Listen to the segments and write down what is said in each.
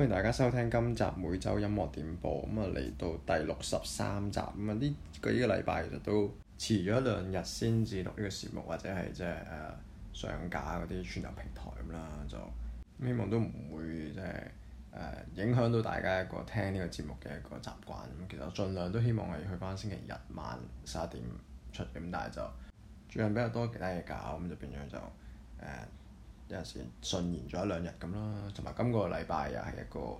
歡迎大家收聽今集每周音樂點播，咁啊嚟到第六十三集，咁啊呢個禮拜其實都遲咗兩日先至錄呢個節目，或者係即係誒上架嗰啲串流平台咁啦，就希望都唔會即係誒影響到大家一個聽呢個節目嘅一個習慣。咁其實我盡量都希望係去翻星期日晚十一點出咁，但係就最近比較多其他嘢搞，咁就變咗就誒。呃有陣時順延咗一兩日咁啦，同埋今個禮拜又係一個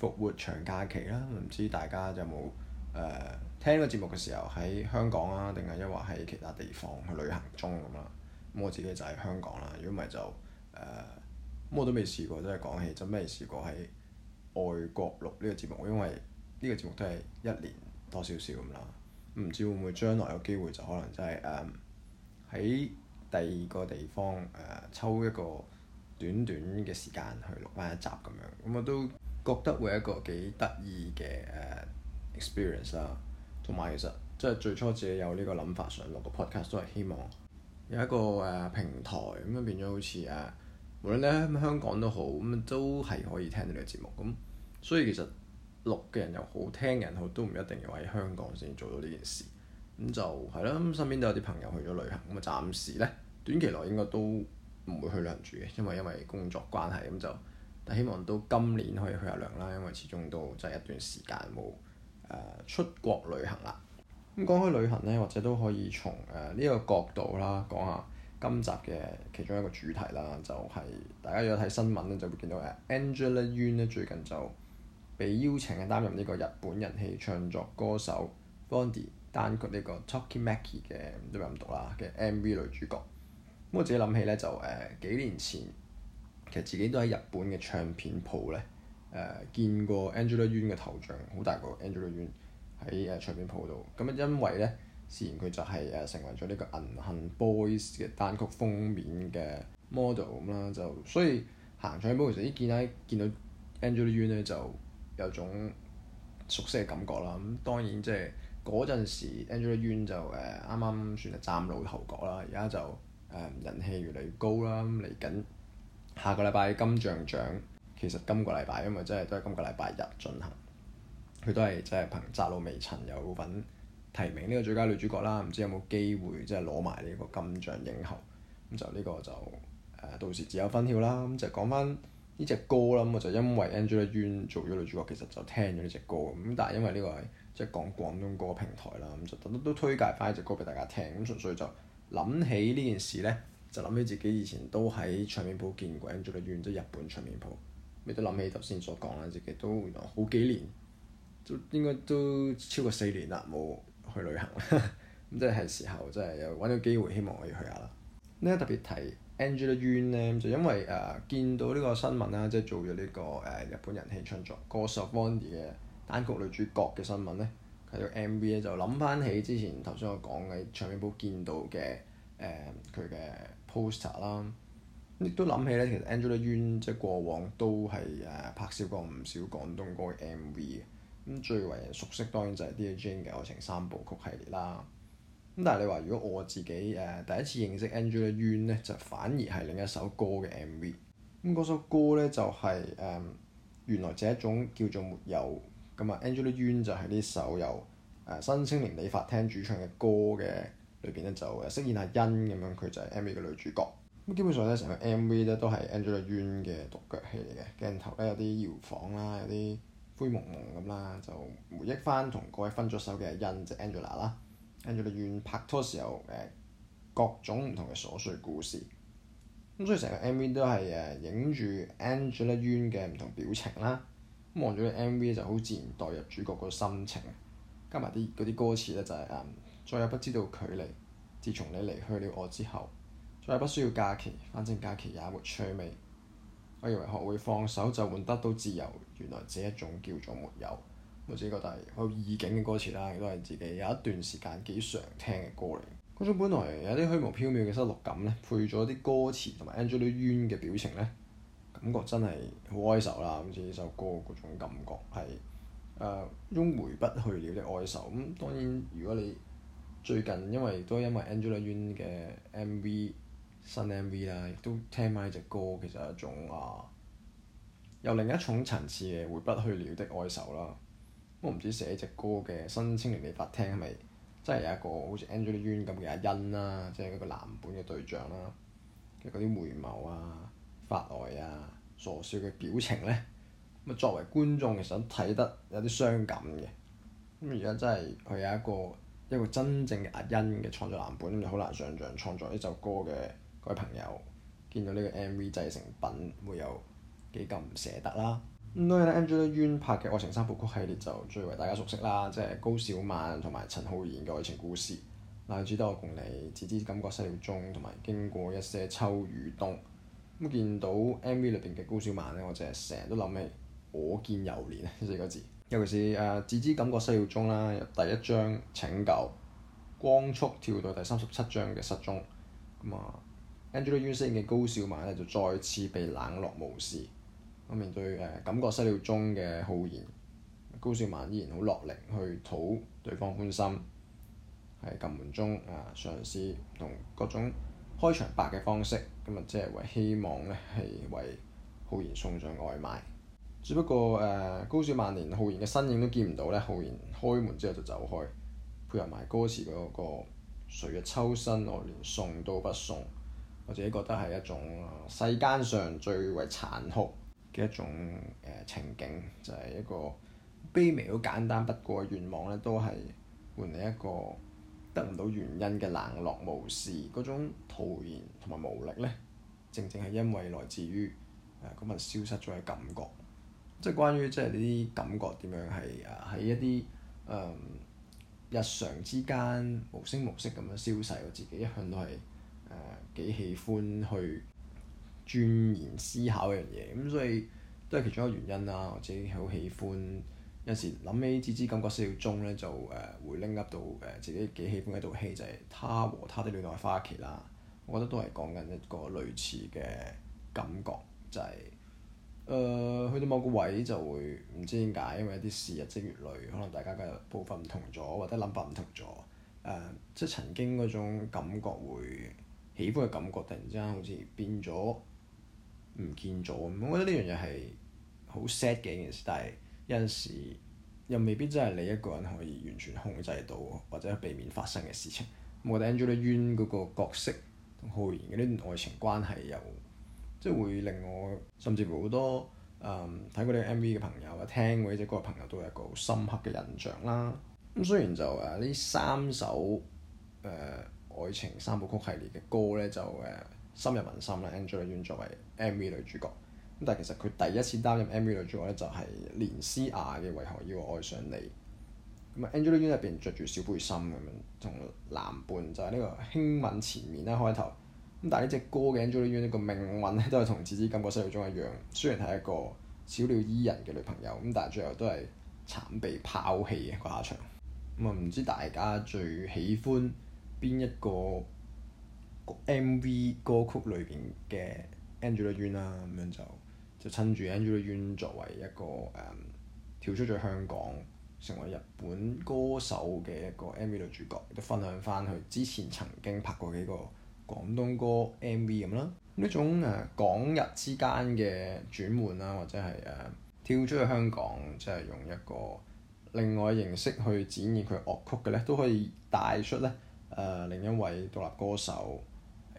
復活長假期啦，唔知大家有冇誒、呃、聽個節目嘅時候喺香港啊，定係一或喺其他地方去旅行中咁啦。咁我自己就喺香港啦，如果唔係就誒、呃，我都未試過，真係講起真未試過喺外國錄呢個節目，因為呢個節目都係一年多少少咁啦。唔知會唔會將來有機會就可能真係誒喺第二個地方誒、呃、抽一個。短短嘅時間去錄翻一集咁樣，咁我都覺得會係一個幾得意嘅誒 experience 啦、啊。同埋其實即係最初自己有呢個諗法想錄個 podcast，都係希望有一個誒、uh, 平台，咁啊變咗好似誒，無論咧香港都好，咁都係可以聽到呢個節目。咁所以其實錄嘅人又好，聽人好，都唔一定要喺香港先做到呢件事。咁就係啦，咁、啊、身邊都有啲朋友去咗旅行，咁啊暫時咧短期內應該都。唔會去涼住嘅，因為因為工作關係咁就，但希望到今年可以去下涼啦，因為始終都真係一段時間冇誒出國旅行啦。咁講開旅行呢，或者都可以從誒呢個角度啦，講下今集嘅其中一個主題啦，就係、是、大家有睇新聞咧，就會見到誒 Angela Yuen 咧最近就被邀請係擔任呢個日本人氣唱作歌手 Vaundy 單曲呢個，個 TalkingMaki、ok、c 嘅唔知點讀啦嘅 MV 女主角。我自己諗起咧，就誒、呃、幾年前，其實自己都喺日本嘅唱片鋪咧，誒、呃、見過 Angela Yuen 嘅頭像，好大個 Angela Yuen 喺誒唱片鋪度。咁、嗯、啊，因為咧，自然佢就係、是、誒、呃、成為咗呢個銀杏 boys 嘅單曲封面嘅 model 咁、嗯、啦。就所以行唱片鋪，其實啲見咧見到，到 Angela Yuen 咧就有種熟悉嘅感覺啦。咁、嗯、當然即係嗰陣時 Angela Yuen 就誒啱啱算係嶄露頭角啦，而家就～人氣越嚟越高啦，咁嚟緊下個禮拜金像獎，其實今個禮拜因為真係都係今個禮拜日進行，佢都係即係憑《窄路微塵》有份提名呢個最佳女主角啦，唔知有冇機會即係攞埋呢個金像影后？咁就呢個就誒到時自有分曉啦。咁就講翻呢隻歌啦，咁就因為 Angela Yuen 做咗女主角，其實就聽咗呢隻歌咁，但係因為呢個係即係講廣東歌平台啦，咁就都都推介翻呢隻歌俾大家聽，咁純粹就。諗起呢件事呢，就諗起自己以前都喺唱片舖見過 Angela Yuen 即係日本唱片舖，咩都諗起頭先所講啦，自己都好幾年，都應該都超過四年啦冇去旅行，咁 即係時候，即係又揾到機會，希望可以去下啦。呢個特別提 Angela Yuen 就因為誒、呃、見到呢個新聞啦，即係做咗呢、這個誒、呃、日本人氣創作歌手 Vaundy 嘅單曲女主角嘅新聞呢。睇到 M.V. 咧，就諗翻起之前頭先我講嘅唱片鋪見到嘅誒佢、呃、嘅 poster 啦，亦都諗起咧，其實 Angela Yuen 即係過往都係誒拍攝過唔少廣東歌嘅 M.V. 咁、嗯、最為人熟悉當然就係 Dear Jane 嘅愛情三部曲系列啦。咁但係你話如果我自己誒、呃、第一次認識 Angela Yuen 咧，就反而係另一首歌嘅 M.V. 咁嗰首歌咧就係、是、誒、呃、原來這一種叫做沒有。咁啊，Angela Yuen 就係呢首由誒新青年理髮廳主唱嘅歌嘅裏邊咧，面就飾演阿欣咁樣，佢就係 MV 嘅女主角。咁基本上咧，成個 MV 咧都係 Angela Yuen 嘅獨腳戲嚟嘅鏡頭咧，有啲搖晃啦，有啲灰蒙蒙咁啦，就回憶翻同各位分咗手嘅阿欣就 Angela, Angela 啦。Angela Yuen 拍拖時候誒各種唔同嘅瑣碎故事，咁所以成個 MV 都係誒影住 Angela Yuen 嘅唔同表情啦。望咗啲 MV 就好自然代入主角個心情，加埋啲嗰啲歌詞呢、就是，就、嗯、係再也不知道距離，自從你離去了我之後，再不需要假期，反正假期也沒趣味。我以為學會放手就換得到自由，原來這一種叫做沒有。我自己覺得係好意境嘅歌詞啦，亦都係自己有一段時間幾常聽嘅歌嚟。嗰種 本來有啲虛無縹緲嘅失落感呢，配咗啲歌詞同埋 Angela Yuen 嘅表情呢。感覺真係好哀愁啦，好似呢首歌嗰種感覺係誒種回不去了的哀愁。咁當然，如果你最近因為都係因為 Angela Yuen 嘅 MV 新 MV 啦，亦都聽埋呢隻歌，其實係一種啊有另一重層次嘅回不去了的哀愁啦。我唔知寫呢隻歌嘅新青年理髮廳係咪真係有一個好似 Angela Yuen 咁嘅阿欣啦，即係一個藍本嘅對象啦，即係嗰啲回眸啊～發呆啊！傻笑嘅表情呢，咁作為觀眾其實睇得有啲傷感嘅。咁而家真係佢有一個有一個真正嘅阿欣嘅創作藍本，咁就好難想像創作呢首歌嘅各位朋友見到呢個 M.V. 製成品會有幾咁唔捨得啦。咁、嗯、當然啦 Angela Yuen 拍嘅愛情三部曲系列就最為大家熟悉啦，即係高小曼同埋陳浩然嘅愛情故事，但賴住得我同你，只知感覺失了蹤，同埋經過一些秋與冬。咁見到 MV 裏邊嘅高小曼咧，我淨係成日都諗起我見猶年呢 四個字。尤其是誒、呃、自知感覺失了蹤啦，第一章拯救光速跳到第三十七章嘅失蹤。咁、嗯、啊，Angela Yuen 嘅高小曼咧就再次被冷落無視。咁、啊、面對誒、呃、感覺失了蹤嘅浩然，高小曼依然好落力去討對方歡心，係撳門鐘啊，嘗試同各種。開場白嘅方式，咁啊即係為希望咧係為浩然送上外賣，只不過誒、呃、高小曼連浩然嘅身影都見唔到咧，浩然開門之後就走開，配合埋歌詞嗰、那個誰嘅秋身我連送都不送，我自己覺得係一種世間上最為殘酷嘅一種誒、呃、情景，就係、是、一個卑微都簡單不過嘅願望咧，都係換嚟一個，得唔到原因嘅冷落無視嗰種徒然同埋無力呢，正正係因為來自於誒嗰份消失咗嘅感覺。即係關於即係啲感覺點樣係誒喺一啲、嗯、日常之間無聲無息咁樣消逝。我自己一向都係誒幾喜歡去鑽研思考一樣嘢，咁所以都係其中一個原因啦。我自己好喜歡。有時諗起只知感覺衰咗中咧，就誒、呃、會拎起到誒、呃、自己幾喜歡一套戲，就係、是《他和他的戀愛花期》啦。我覺得都係講緊一個類似嘅感覺，就係、是、誒、呃、去到某個位就會唔知點解，因為一啲事日積月累，可能大家嘅部分唔同咗，或者諗法唔同咗，誒、呃、即係曾經嗰種感覺會喜歡嘅感覺，突然之間好似變咗唔見咗。我覺得呢樣嘢係好 sad 嘅一件事，但係，有陣時又未必真係你一個人可以完全控制到或者避免發生嘅事情。我覺得 Angela Yuen 嗰個角色浩然嗰啲愛情關係，又即係會令我甚至乎好多睇、嗯、過啲 MV 嘅朋友啊，聽過呢啲歌嘅朋友都有一個好深刻嘅印象啦。咁雖然就誒呢、啊、三首誒、呃、愛情三部曲系列嘅歌咧，就誒、啊、深入民心啦。啊、Angela Yuen 作為 MV 女主角。但係其實佢第一次擔任 MV 女主咧，就係連詩雅嘅《為何要愛上你》。咁啊，Angela Yuen 入邊着住小背心咁樣，同男伴就係呢、這個輕吻前面咧、啊、開頭。咁但係呢隻歌嘅 Angela Yuen 個命運咧，都係同《紫之金》個世界中一樣。雖然係一個小鳥依人嘅女朋友，咁但係最後都係慘被拋棄嘅、那個下場。咁啊，唔知大家最喜歡邊一個 MV 歌曲裏邊嘅 Angela Yuen 啦，咁樣就～就趁住 Angela Yuen 作為一個誒、嗯、跳出咗香港，成為日本歌手嘅一個 MV 女主角，都分享翻佢之前曾經拍過幾個廣東歌 MV 咁啦。呢種誒、啊、港日之間嘅轉換啦，或者係誒、啊、跳出咗香港，即係用一個另外形式去展現佢樂曲嘅咧，都可以帶出咧誒、呃、另一位獨立歌手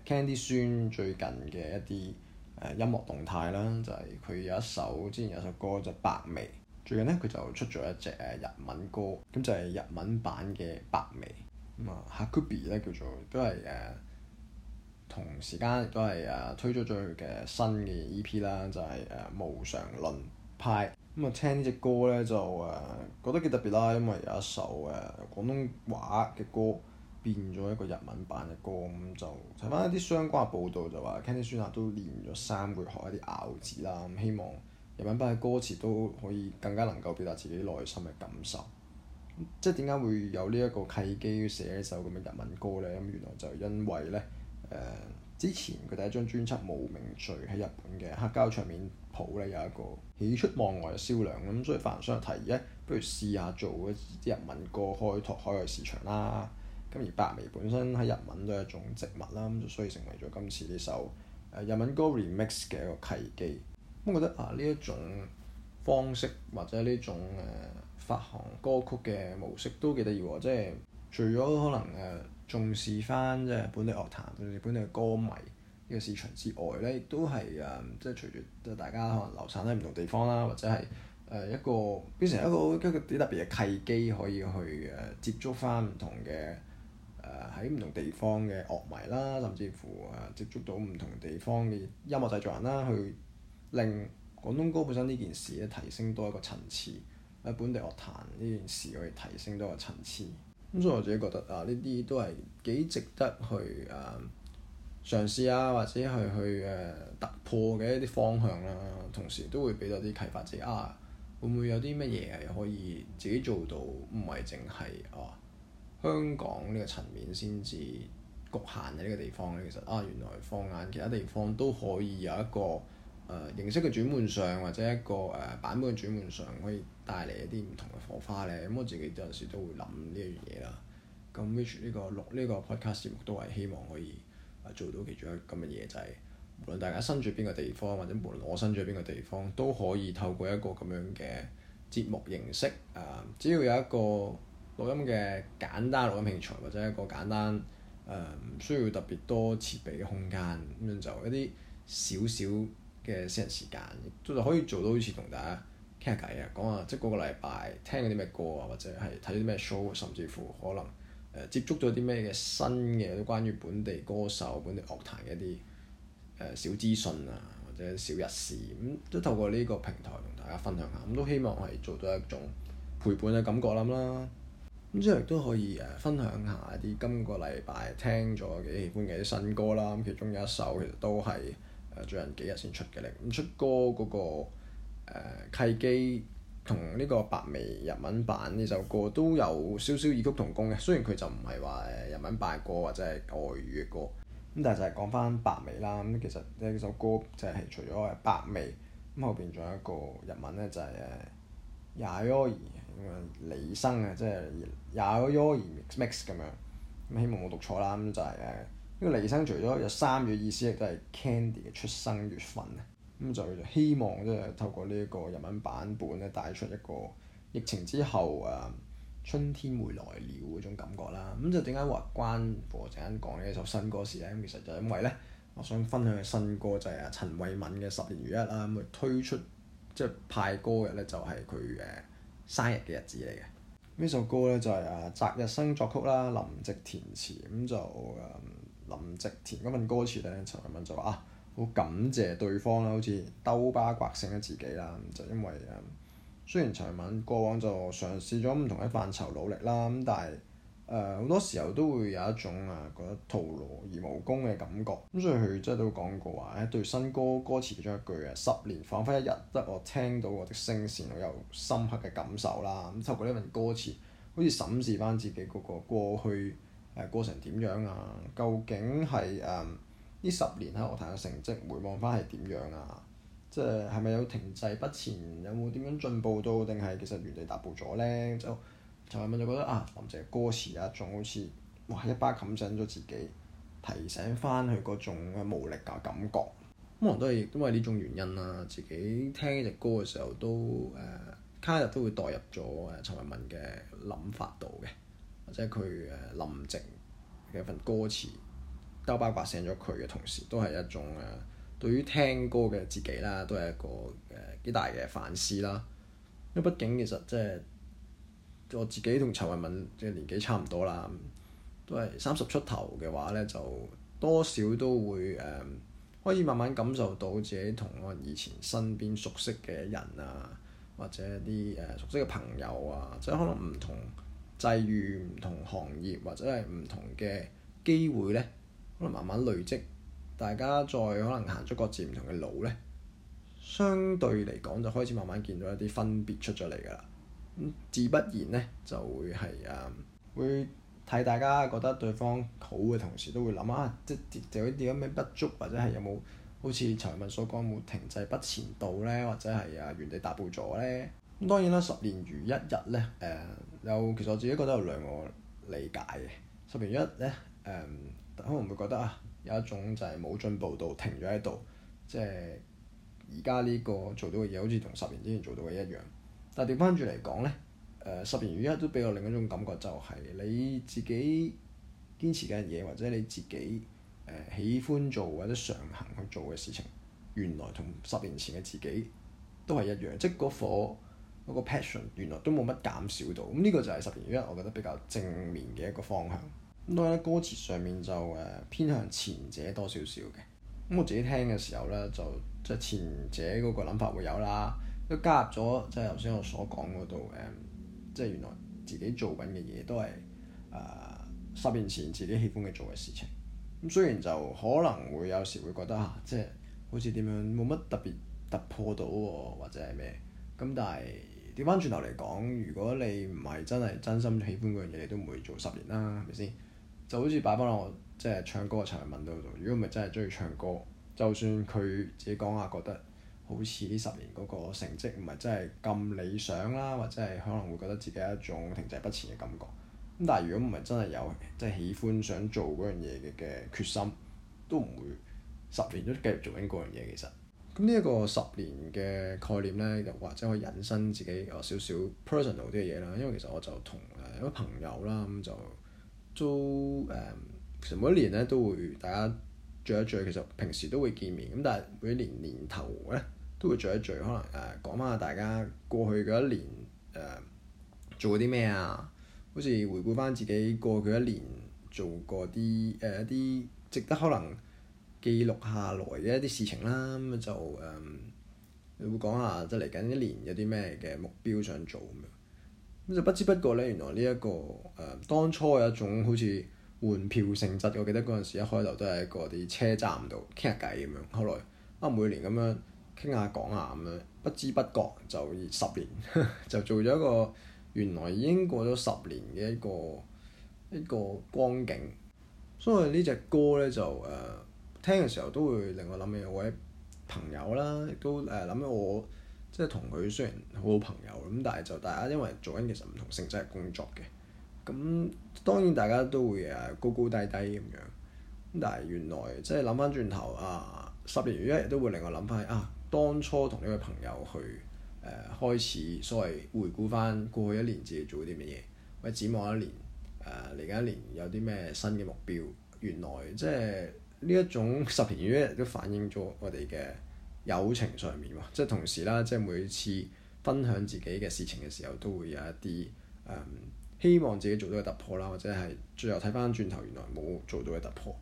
Kendy 孫最近嘅一啲。誒音樂動態啦，就係、是、佢有一首之前有首歌就是《白眉》，最近呢，佢就出咗一隻日文歌，咁就係、是、日文版嘅《白眉》。咁、嗯、啊 Hakubi 咧叫做都係誒、啊、同時間亦都係誒、啊、推咗咗佢嘅新嘅 EP 啦、就是，就係誒無常論 π。咁啊、嗯，聽呢隻歌呢，就誒、啊、覺得幾特別啦，因為有一首誒、啊、廣東話嘅歌。變咗一個日文版嘅歌，咁就睇返一啲相關報道就，就話 Kendy Suen 啊都練咗三個月學一啲咬字啦。咁希望日文版嘅歌詞都可以更加能夠表達自己內心嘅感受。即係點解會有呢一個契機寫一首咁嘅日文歌呢？咁原來就因為呢，誒、呃，之前佢第一張專輯《無名序》喺日本嘅黑膠唱片鋪呢，有一個喜出望外嘅銷量，咁，所以發行商提議咧，不如試下做啲日文歌，開拓海外市場啦。咁而白眉本身喺日文都係一種植物啦，咁就所以成為咗今次呢首誒日文歌 remix 嘅一個契機。咁我覺得啊，呢一種方式或者呢種誒、啊、發行歌曲嘅模式都幾得意喎。即係除咗可能誒、啊、重視翻即係本地樂壇、本地歌迷呢個市場之外咧，都係誒、啊、即係隨住即大家可能流散喺唔同地方啦，或者係誒、啊、一個變成一個一個幾特別嘅契機，可以去誒、啊、接觸翻唔同嘅。誒喺唔同地方嘅樂迷啦，甚至乎誒接觸到唔同地方嘅音樂製作人啦，去令廣東歌本身呢件事咧提升多一個層次，喺本地樂壇呢件事去提升多個層次。咁所以我自己覺得啊，呢啲都係幾值得去誒、啊、嘗試啊，或者係去誒、啊、突破嘅一啲方向啦。同時都會俾到啲啟發者啊，會唔會有啲乜嘢係可以自己做到，唔係淨係啊，香港呢個層面先至局限喺呢個地方咧，其實啊，原來放眼其他地方都可以有一個誒、呃、形式嘅轉換上，或者一個誒、呃、版本嘅轉換上，可以帶嚟一啲唔同嘅火花咧。咁、嗯、我自己有陣時都會諗呢樣嘢啦。咁 which 呢、這個錄呢、這個 podcast 節目都係希望可以做到其中一個咁嘅嘢，就係、是、無論大家身處邊個地方，或者無論我身處邊個地方，都可以透過一個咁樣嘅節目形式啊、呃，只要有一個。錄音嘅簡單錄音平台，或者一個簡單、呃、唔需要特別多設備嘅空間，咁樣就一啲少少嘅私人時間，都就可以做到，好似同大家傾下偈啊，講下即係個個禮拜聽咗啲咩歌啊，或者係睇啲咩 show，甚至乎可能、呃、接觸咗啲咩嘅新嘅關於本地歌手本地樂壇嘅一啲、呃、小資訊啊，或者小日事咁，都透過呢個平台同大家分享下。咁都希望係做到一種陪伴嘅感覺咁啦。咁之後亦都可以誒分享下啲今個禮拜聽咗幾喜歡嘅新歌啦，咁其中有一首其實都係誒最近幾日先出嘅，咁出歌嗰，那個，呃、契機同呢個白眉日文版呢首歌都有少少異曲同工嘅，雖然佢就唔係話誒日文版歌或者係外語嘅歌過，咁但係就係講翻白眉啦，咁其實呢首歌就係除咗係白眉，咁後邊仲有一個日文咧就係，是，誒。咁啊，李生啊，即係 o 二月 mix 咁樣，咁希望我冇讀錯啦。咁就係、是、誒，呢個李生除咗有三月意思，亦都係 Candy 嘅出生月份啊。咁就希望即係透過呢一個日文版本咧，帶出一個疫情之後啊春天回來了嗰種感覺啦。咁就點解話關我陣間講呢一首新歌時咧？咁其實就因為咧，我想分享新歌就係陳慧敏嘅《十年如一日》啦。咁推出即係、就是、派歌嘅咧，就係佢誒。生日嘅日子嚟嘅，呢首歌呢、就是，就係啊，澤日生作曲啦，林夕填詞，咁就、啊、林夕填嗰份歌詞呢，陳慧敏就啊好感謝對方啦，好似兜巴刮醒咗自己啦，就因為啊雖然陳慧敏過往就嘗試咗唔同嘅範疇努力啦，咁但係。誒好、呃、多時候都會有一種啊覺得徒勞而無功嘅感覺，咁、啊、所以佢真係都講過話咧、啊，對新歌歌詞其中一句啊十年仿佛一日，得我聽到我的聲線我有深刻嘅感受啦。咁、啊、透過呢份歌詞，好似審視翻自己嗰個過去誒、啊、過程點樣啊？究竟係誒呢十年喺樂壇嘅成績，回望翻係點樣啊？即係係咪有停滯不前？有冇點樣進步到？定係其實原地踏步咗呢？就陳慧敏就覺得啊，林夕嘅歌詞啊，仲好似哇一巴冚醒咗自己，提醒返佢嗰種嘅無力啊感覺。咁我、嗯、都係因為呢種原因啦，自己聽呢隻歌嘅時候都誒，卡、呃、日都會代入咗誒陳慧敏嘅諗法度嘅，或者佢誒、呃、林夕嘅份歌詞兜巴摑醒咗佢嘅同時，都係一種誒、呃、對於聽歌嘅自己啦，都係一個誒幾、呃、大嘅反思啦。因為畢竟其實即、就、係、是。我自己同陳慧敏嘅年紀差唔多啦，都係三十出頭嘅話呢，就多少都會誒、嗯，可以慢慢感受到自己同我以前身邊熟悉嘅人啊，或者啲誒熟悉嘅朋友啊，即係可能唔同際遇、唔同行業或者係唔同嘅機會呢，可能慢慢累積，大家再可能行咗各自唔同嘅路呢，相對嚟講就開始慢慢見到一啲分別出咗嚟㗎啦。自不然呢，就會係誒、啊、會睇大家覺得對方好嘅同時，都會諗啊，即係有啲咩不足，或者係有冇好似陳文所講冇停滯不前度呢，或者係啊原地踏步咗呢。咁、嗯、當然啦，十年如一日呢，誒、呃、有其實我自己覺得有兩個理解嘅十年一呢，誒、呃、可能會覺得啊有一種就係冇進步到停咗喺度，即係而家呢個做到嘅嘢，好似同十年之前做到嘅一樣。但係調翻轉嚟講呢，誒，十年如一都俾我另一種感覺，就係、是、你自己堅持嘅嘢，或者你自己誒喜歡做或者常行去做嘅事情，原來同十年前嘅自己都係一樣，即係嗰火嗰、那個 passion 原來都冇乜減少到。咁呢個就係十年如一，我覺得比較正面嘅一個方向。當然歌詞上面就誒、呃、偏向前者多少少嘅。咁我自己聽嘅時候呢，就即係、就是、前者嗰個諗法會有啦。佢加入咗即係頭先我所講嗰度誒，即係原來自己做緊嘅嘢都係誒十年前自己喜歡嘅做嘅事情。咁、嗯、雖然就可能會有時會覺得嚇、啊，即係好似點樣冇乜特別突破到喎，或者係咩？咁、嗯、但係調翻轉頭嚟講，如果你唔係真係真心喜歡嗰樣嘢，你都唔會做十年啦，係咪先？就好似擺翻落我即係唱歌嘅日文度度，如果唔係真係中意唱歌，就算佢自己講下覺得。好似呢十年嗰個成績唔係真係咁理想啦，或者係可能會覺得自己一種停滯不前嘅感覺。咁但係如果唔係真係有即係、就是、喜歡想做嗰樣嘢嘅決心，都唔會十年都繼續做緊嗰樣嘢。其實咁呢一個十年嘅概念呢，又或者可以引申自己有少少 personal 啲嘅嘢啦。因為其實我就同誒一個朋友啦，咁就都誒其實每一年呢都會大家聚一聚，其實平時都會見面，咁但係每年年頭咧都會聚一聚，可能誒、呃、講翻下大家過去嗰一年誒、呃、做啲咩啊，好似回顧翻自己過去一年做過啲誒一啲、呃、值得可能記錄下來嘅一啲事情啦，咁就你、呃、會講下即係嚟緊一年有啲咩嘅目標想做咁樣，咁就不知不覺咧，原來呢、這、一個誒、呃、當初有一種好似～換票性質，我記得嗰陣時一開頭都喺嗰啲車站度傾下偈咁樣，後來啊每年咁樣傾下講下咁樣，不知不覺就十年 就做咗一個原來已經過咗十年嘅一個一個光景。所以呢隻歌咧就誒、呃、聽嘅時候都會令我諗起我位朋友啦，亦都誒諗起我即係同佢雖然好好朋友咁，但係就大家因為做緊其實唔同性質嘅工作嘅。咁當然大家都會誒高高低低咁樣，但係原來即係諗翻轉頭啊，十年如一日都會令我諗翻啊，當初同呢位朋友去誒、呃、開始所謂回顧翻過去一年自己做啲乜嘢，或者展望一年誒嚟緊一年有啲咩新嘅目標。原來即係呢一種十年如一日都反映咗我哋嘅友情上面喎，即係同時啦，即係每次分享自己嘅事情嘅時候，都會有一啲誒。嗯希望自己做到嘅突破啦，或者係最後睇翻轉頭，原來冇做到嘅突破。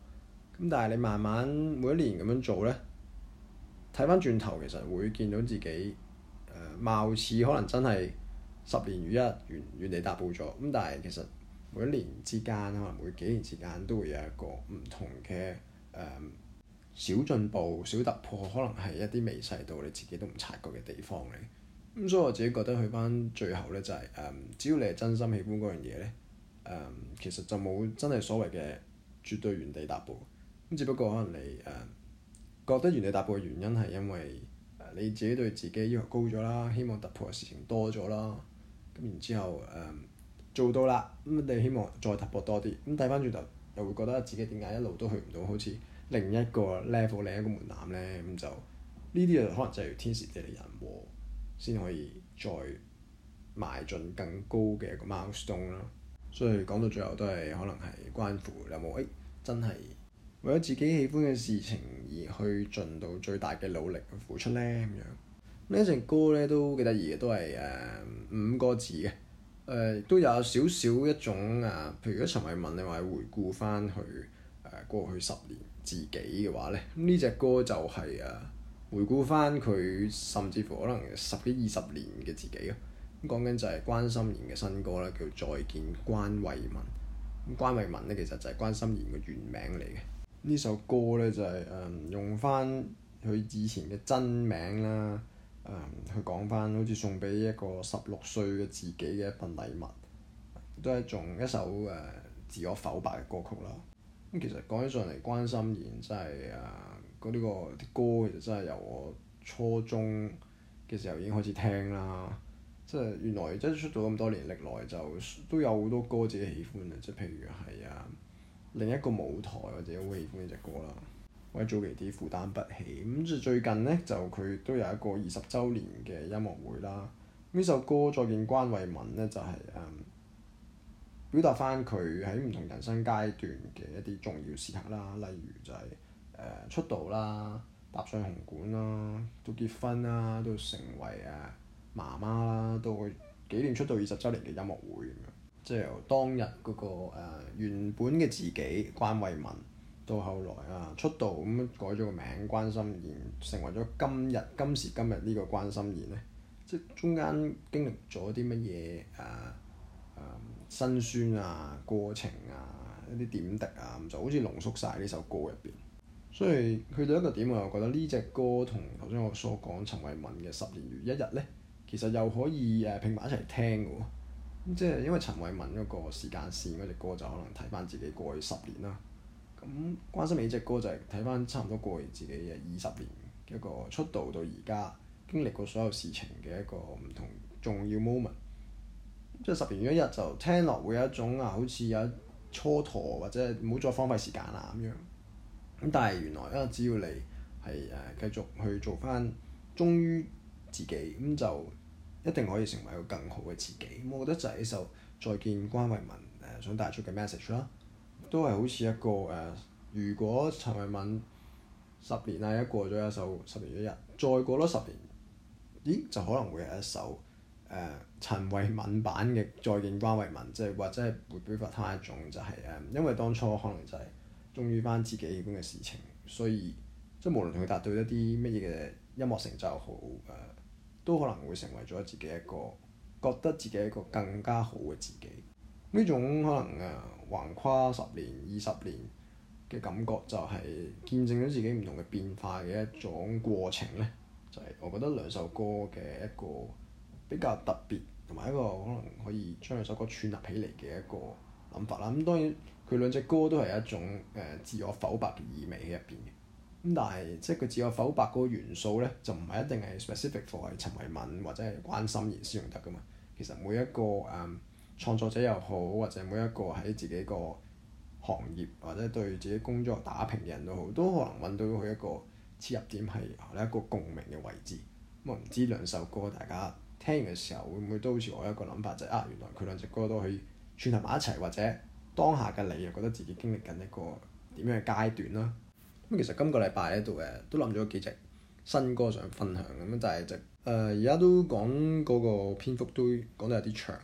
咁但係你慢慢每一年咁樣做咧，睇翻轉頭，其實會見到自己誒、呃、貌似可能真係十年如一日原地踏步咗。咁但係其實每一年之間，可能每幾年之間都會有一個唔同嘅誒、呃、小進步、小突破，可能係一啲微細到你自己都唔察覺嘅地方嚟。咁、嗯、所以我自己覺得去翻最後咧，就係、是、誒、嗯，只要你係真心喜歡嗰樣嘢咧，誒、嗯，其實就冇真係所謂嘅絕對原地踏步。咁只不過可能你誒、嗯、覺得原地踏步嘅原因係因為、嗯、你自己對自己要求高咗啦，希望突破嘅事情多咗啦。咁、嗯、然之後誒、嗯、做到啦，咁、嗯、你希望再突破多啲。咁睇翻轉頭又會覺得自己點解一路都去唔到，好似另一個 level 另一個門檻咧。咁、嗯、就呢啲啊，就可能就係天時地利人和。先可以再邁進更高嘅一個 milestone 啦，所以講到最後都係可能係關乎有冇誒真係為咗自己喜歡嘅事情而去盡到最大嘅努力去付出呢？咁樣。呢一隻歌咧都幾得意嘅，都係誒、呃、五個字嘅，誒、呃、都有少少一種啊。譬如如果陳慧敏你話係回顧返去誒、呃、過去十年自己嘅話咧，呢隻歌就係、是、誒。啊回顧翻佢甚至乎可能十幾二十年嘅自己咯，咁講緊就係關心妍嘅新歌咧，叫《再見關惠文》。咁關惠文咧其實就係關心妍嘅原名嚟嘅。呢首歌咧就係、是、誒、嗯、用翻佢以前嘅真名啦，誒、嗯、去講翻好似送俾一個十六歲嘅自己嘅一份禮物，都係一一首誒、呃、自我否白嘅歌曲啦。咁、嗯、其實講起上嚟，關心妍真係誒。呃嗰呢個啲歌其實真係由我初中嘅時候已經開始聽啦，即係原來即係出到咁多年歷來就都有好多歌自己喜歡嘅，即係譬如係啊另一個舞台我自己好喜歡呢隻歌啦。或者早期啲負擔不起，咁最近呢，就佢都有一個二十週年嘅音樂會啦。呢首歌《再見關惠文》呢，就係、是、誒、嗯、表達返佢喺唔同人生階段嘅一啲重要時刻啦，例如就係、是。出道啦，踏上紅館啦，到結婚啦，都成為誒媽媽啦，到幾年出道二十週年嘅音樂會，即係由當日嗰個誒原本嘅自己關惠文，到後來啊出道咁改咗個名關心妍，成為咗今日今時今日呢個關心妍咧，即中間經歷咗啲乜嘢誒誒辛酸啊過程啊一啲點滴啊，就好似濃縮晒呢首歌入邊。所以去到一個點，我又覺得呢隻歌同頭先我所講陳慧敏嘅《十年如一日》咧，其實又可以誒拼埋一齊聽嘅喎。即係因為陳慧敏嗰個時間線嗰隻歌就可能睇翻自己過去十年啦。咁關心妍呢隻歌就係睇翻差唔多過去自己嘅二十年一個出道到而家經歷過所有事情嘅一個唔同重要 moment。即係十年如一日就聽落會有一種啊，好似有蹉跎或者唔好再荒廢時間啦咁樣。咁但係原來咧，只要你係誒繼續去做翻忠於自己，咁就一定可以成為一個更好嘅自己。我覺得就係呢首《再見關惠文》誒想帶出嘅 message 啦，都係好似一個誒、呃，如果陳慧敏十年啊，一過咗一首十年如一日，再過多十年，咦就可能會係一首誒陳、呃、慧敏版嘅《再見關惠文》即。即係或者係會表達佢一種就係、是、誒，因為當初可能就係、是。忠於翻自己咁嘅事情，所以即係無論佢達到一啲乜嘢嘅音樂成就好，誒、呃、都可能會成為咗自己一個覺得自己一個更加好嘅自己。呢種可能誒、啊、橫跨十年、二十年嘅感覺，就係見證咗自己唔同嘅變化嘅一種過程咧。就係、是、我覺得兩首歌嘅一個比較特別，同埋一個可能可以將兩首歌串立起嚟嘅一個諗法啦。咁、嗯、當然。佢兩隻歌都係一種誒、呃、自我否白嘅意味喺入邊嘅，咁，但係即係佢自我否白嗰個元素咧，就唔係一定係 specific for 係陳慧敏或者係關心妍先用得噶嘛。其實每一個誒、嗯、創作者又好，或者每一個喺自己個行業或者對自己工作打拼嘅人都好，都可能揾到佢一個切入點係一個共鳴嘅位置。咁、嗯、啊，唔知兩首歌大家聽完嘅時候會唔會都好似我一個諗法就係、是、啊，原來佢兩隻歌都可以串合埋一齊或者。當下嘅你，又覺得自己經歷緊一個點樣嘅階段啦？咁其實今個禮拜喺度誒，都諗咗幾隻新歌想分享咁，就係、是、直，誒而家都講嗰個篇幅都講得有啲長，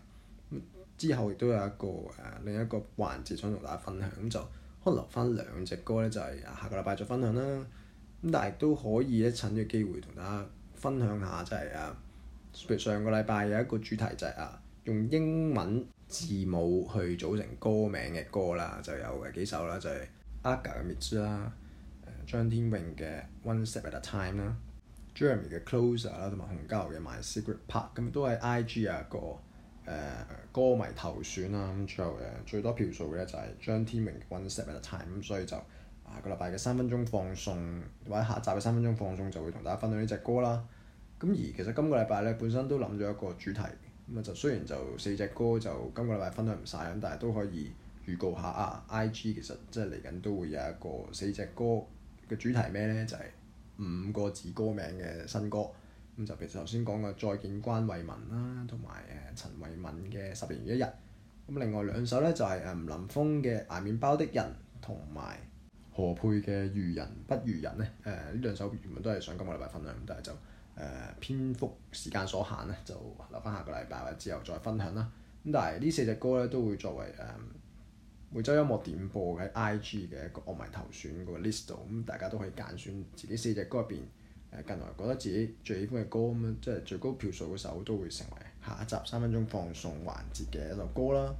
之後亦都有一個誒另一個環節想同大家分享，就可能留返兩隻歌咧，就係下個禮拜再分享啦。咁但係都可以一趁住機會同大家分享下、就是，就係誒上個禮拜有一個主題就係啊用英文字母去組成歌名嘅歌啦，就有幾首啦，就係、是、AGA 嘅《MIZU》啦，誒張天榮嘅《One Step At A Time》啦，Jeremy 嘅《Closer》啦，同埋洪嘉豪嘅《My Secret Part》咁都係 I G 啊個誒歌迷投選啦，咁最後誒最多票數嘅咧就係張天榮嘅《One Step At A Time》，咁所以就下個禮拜嘅三分鐘放送或者下集嘅三分鐘放送就會同大家分享呢隻歌啦。咁而其實今個禮拜咧本身都諗咗一個主題。咁啊就雖然就四隻歌就今個禮拜分享唔晒，咁，但係都可以預告下啊！I.G. 其實即係嚟緊都會有一個四隻歌嘅主題咩呢？就係、是、五個字歌名嘅新歌。咁就譬如頭先講嘅《再見關惠文》啦，同埋誒陳慧敏嘅《十年如一日》。咁另外兩首呢，就係、是、誒吳林峰嘅《捱麵包的人》同埋何佩嘅《如人不愚人》呢。誒呢兩首原本都係想今個禮拜分享，但係就～誒、呃、篇幅時間所限咧，就留翻下個禮拜或者之後再分享啦。咁但係呢四隻歌咧都會作為誒、呃、每週音樂點播喺 IG 嘅一個樂迷投選個 list 度，咁、嗯、大家都可以揀選自己四隻歌入邊誒近來覺得自己最喜歡嘅歌咁樣、嗯，即係最高票數嗰首都會成為下一集三分鐘放送環節嘅一首歌啦。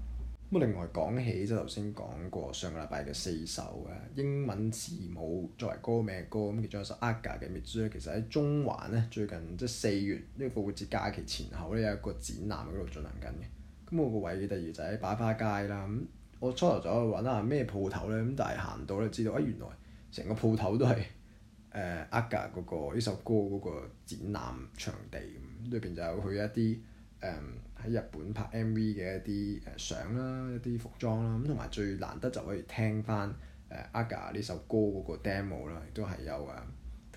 咁另外講起即係頭先講過上個禮拜嘅四首嘅英文字母作為歌名嘅歌，咁其中一首 AGA 嘅《MIZU》咧，其實喺中環咧最近即係四月呢、這個復活節假期前後咧有一個展覽喺度進行緊嘅。咁、那、我個位第二就喺百花街啦。咁我初頭就走去揾下咩鋪頭咧，咁但係行到咧知道啊、哎、原來成個鋪頭都係誒 AGA 嗰、那個呢首歌嗰個展覽場地，咁裏邊就有佢一啲。誒喺日本拍 MV 嘅一啲誒相啦，一啲服裝啦，咁同埋最難得就可以聽翻誒 AGA 呢首歌嗰個 demo 啦，亦都係有誒，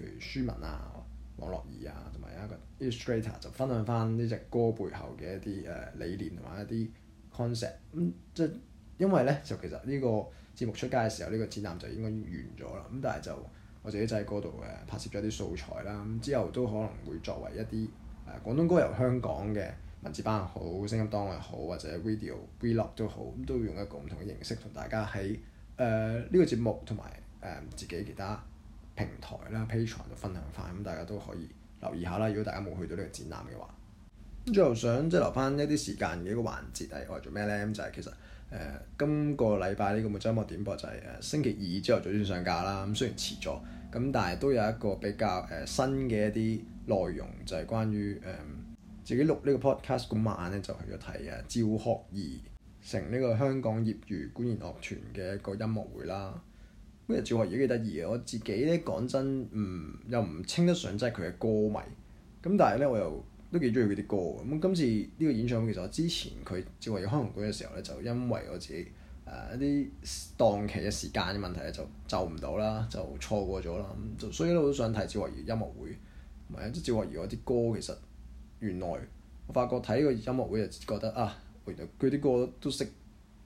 譬如舒文啊、王樂儀啊，同埋一個 illustrator 就分享翻呢隻歌背後嘅一啲誒理念同埋一啲 concept、嗯。咁即係因為咧，就其實呢個節目出街嘅時候，呢、這個展覽就應該完咗啦。咁但係就我自己喺嗰度誒拍攝咗啲素材啦，咁之後都可能會作為一啲誒、啊、廣東歌遊香港嘅。文字版好，聲音當嘅好，或者 video vlog 都好，咁都用一個唔同嘅形式同大家喺誒呢個節目同埋誒自己其他平台啦、Patreon 分享翻，咁大家都可以留意下啦。如果大家冇去到呢個展覽嘅話， 最後想即係留翻一啲時間嘅一個環節係為做咩呢？咁就係、是、其實誒、呃、今個禮拜呢個《每周音樂點播》就係、是、誒星期二朝頭早先上，上架啦。咁雖然遲咗，咁但係都有一個比較誒、呃、新嘅一啲內容，就係、是、關於誒。呃自己錄呢個 podcast 咁晚咧，就去咗睇啊趙學而成呢個香港業餘管弦樂團嘅一個音樂會啦。咁啊，趙學而幾得意啊！我自己咧，講真，嗯又唔稱得上真係佢嘅歌迷，咁但係咧我又都幾中意佢啲歌嘅。咁今次呢個演唱會其實我之前佢趙學而開紅館嘅時候咧，就因為我自己誒、呃、一啲檔期嘅時間嘅問題咧，就就唔到啦，就錯過咗啦。咁就所以咧，我都想睇趙學而音樂會，同埋即係趙學而嗰啲歌其實。原來我發覺睇個音樂會就覺得啊，原來佢啲歌都識，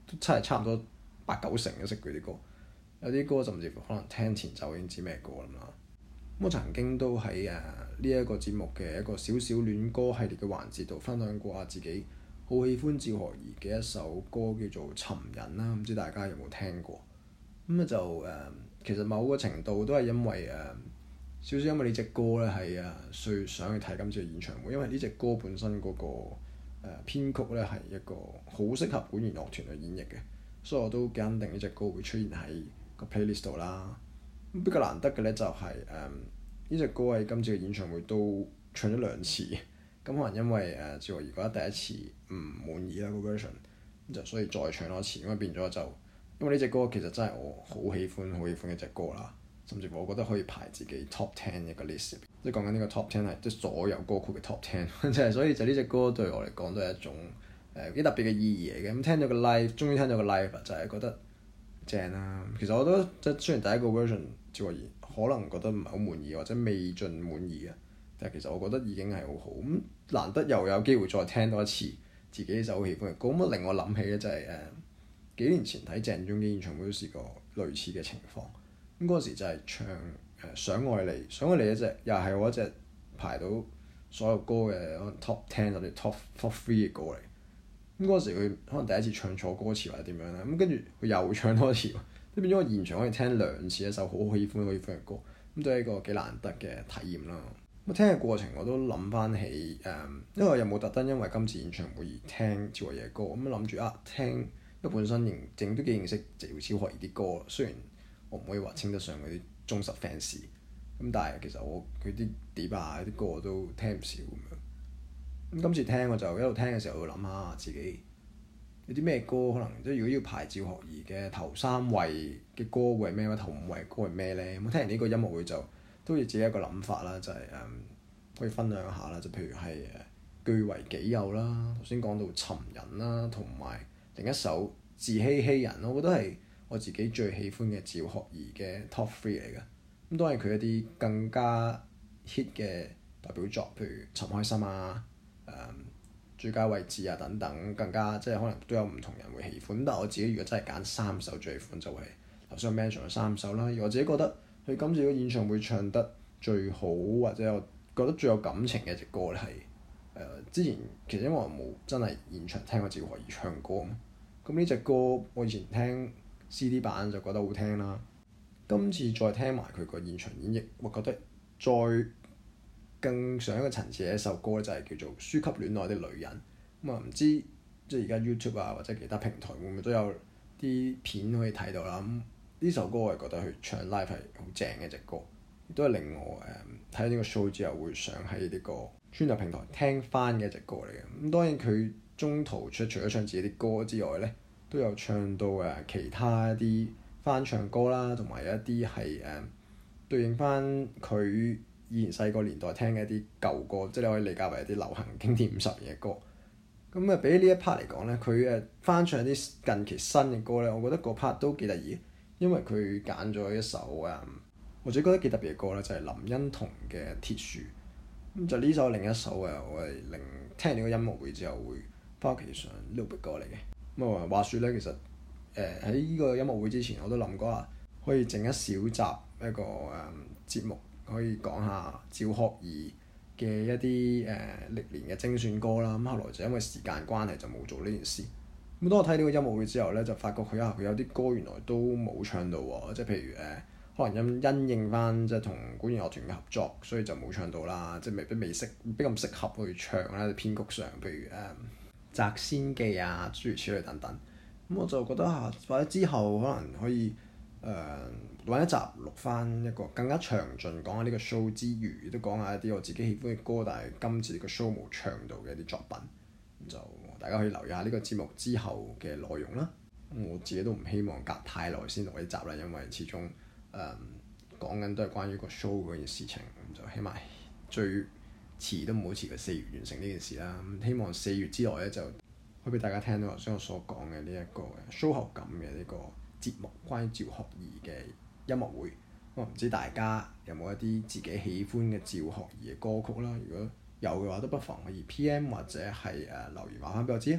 都真係差唔多八九成都識佢啲歌。有啲歌甚至乎可能聽前奏已經知咩歌啦。咁我曾經都喺誒呢一個節目嘅一個小小戀歌系列嘅環節度分享過下、啊、自己好喜歡趙學而嘅一首歌叫做《尋人》啦，唔、啊、知大家有冇聽過？咁啊就誒，其實某個程度都係因為誒。啊少少，因為呢隻歌咧係啊，最想去睇今次嘅演唱會，因為呢隻歌本身嗰個誒編曲咧係一個好適合管弦樂團去演繹嘅，所以我都肯定呢隻歌會出現喺個 playlist 度啦。咁比較難得嘅咧就係誒呢隻歌喺今次嘅演唱會都唱咗兩次，咁可能因為誒自我覺得第一次唔滿意啦個 version，咁就所以再唱多次，因為變咗就因為呢隻歌其實真係我好喜歡、好喜歡一隻歌啦。甚至我覺得可以排自己 top ten 一個 list，即係講緊呢個 top ten 係即係所有歌曲嘅 top ten， 就係所以就呢隻歌對我嚟講都係一種誒幾、呃、特別嘅意義嚟嘅。咁、嗯、聽咗個 live，終於聽咗個 live，就係覺得正啦、啊。其實我都即係雖然第一個 version 趙學而可能覺得唔係好滿意或者未盡滿意啊，但係其實我覺得已經係好好。咁難得又有機會再聽多一次，自己就好喜歡嘅歌，咁令我諗起咧就係、是、誒、呃、幾年前睇鄭中基演唱會都試過類似嘅情況。咁嗰時就係唱誒、呃、想愛你，想愛你一隻，又係我一隻排到所有歌嘅可能 top ten 或者 top top three 嘅歌嚟。咁嗰時佢可能第一次唱錯歌詞或者點樣咧，咁跟住佢又會唱多次，都變咗我現場可以聽兩次一首好喜歡好喜歡嘅歌，咁、嗯、都係一個幾難得嘅體驗啦。咁聽嘅過程我都諗翻起誒、嗯，因為我有冇特登因為今次演唱會而聽趙學而嘅歌，咁諗住啊聽，因為本身認正都幾認識趙學而啲歌，雖然～唔可以話稱得上嗰啲忠實 fans，咁但係其實我佢啲碟啊、啲歌我都聽唔少咁樣。咁今次聽我就一路聽嘅時候會諗下自己有啲咩歌，可能即係如果要排趙學而嘅頭三位嘅歌係咩話，頭五位歌係咩咧？咁聽完呢個音樂會就都有自己一個諗法啦，就係、是、誒、嗯、可以分享下啦。就譬如係據為己有啦，頭先講到尋人啦，同埋另一首自欺欺人，我覺得係。我自己最喜歡嘅趙學而嘅 top three 嚟嘅，咁都係佢一啲更加 hit 嘅代表作，譬如《尋開心》啊，呃《最佳位置》啊等等，更加即係可能都有唔同人會喜歡。但係我自己如果真係揀三首最款，就係頭先 mention 咗三首啦。而我自己覺得佢今次個演唱會唱得最好，或者我覺得最有感情嘅一隻歌係誒、呃、之前其實因為我冇真係現場聽過趙學而唱歌，咁呢隻歌我以前聽 CD 版就覺得好聽啦，今次再聽埋佢個現場演繹，我覺得再更上一個層次嘅一首歌就係叫做《輸給戀愛的女人》。咁、嗯、啊唔知即係而家 YouTube 啊或者其他平台會唔會都有啲片可以睇到啦？咁、嗯、呢首歌我係覺得佢唱 live 係好正嘅一隻歌，亦都係令我誒睇呢個 show 之後會想喺呢個專集平台聽翻嘅一隻歌嚟嘅。咁、嗯、當然佢中途除除咗唱自己啲歌之外咧。都有唱到誒其他一啲翻唱歌啦，同埋有一啲係誒對應翻佢以前細個年代聽嘅一啲舊歌，即係你可以理解為一啲流行經典五十年嘅歌。咁、嗯、啊、嗯，比起呢一 part 嚟講咧，佢誒、嗯、翻唱一啲近期新嘅歌咧，我覺得個 part 都幾得意，因為佢揀咗一首誒、嗯、我自己覺得幾特別嘅歌咧，就係、是、林欣彤嘅《鐵樹》嗯。咁就呢首另一首誒，我係令聽完個音樂會之後會翻屋企上 new up 歌嚟嘅。咁啊，話説咧，其實誒喺呢個音樂會之前，我都諗過啊，可以整一小集一個誒、嗯、節目，可以講下趙學而嘅一啲誒、呃、歷年嘅精選歌啦。咁、嗯、後來就因為時間關係，就冇做呢件事。咁、嗯、當我睇到個音樂會之後咧，就發覺佢啊，佢有啲歌原來都冇唱到喎。即係譬如誒、呃，可能因因應翻即係同管弦樂團嘅合作，所以就冇唱到啦。即係未必未適，比較唔適合去唱啦。編曲上，譬如誒。嗯摘仙記啊，諸如此類等等，咁我就覺得嚇，或者之後可能可以誒揾、呃、一集錄翻一個更加詳盡講下呢個 show 之餘，都講下一啲我自己喜歡嘅歌，但係今次呢個 show 冇唱到嘅一啲作品，咁就大家可以留意下呢個節目之後嘅內容啦。我自己都唔希望隔太耐先錄一集啦，因為始終誒講緊都係關於個 show 嗰件事情，咁就起碼最遲都唔好遲過四月完成呢件事啦，希望四月之內咧就可以俾大家聽到，頭先我所講嘅呢一個 show 後感嘅呢個節目，關於趙學而嘅音樂會。我唔知大家有冇一啲自己喜歡嘅趙學而嘅歌曲啦，如果有嘅話，都不妨可以 PM 或者係誒留言話翻俾我知。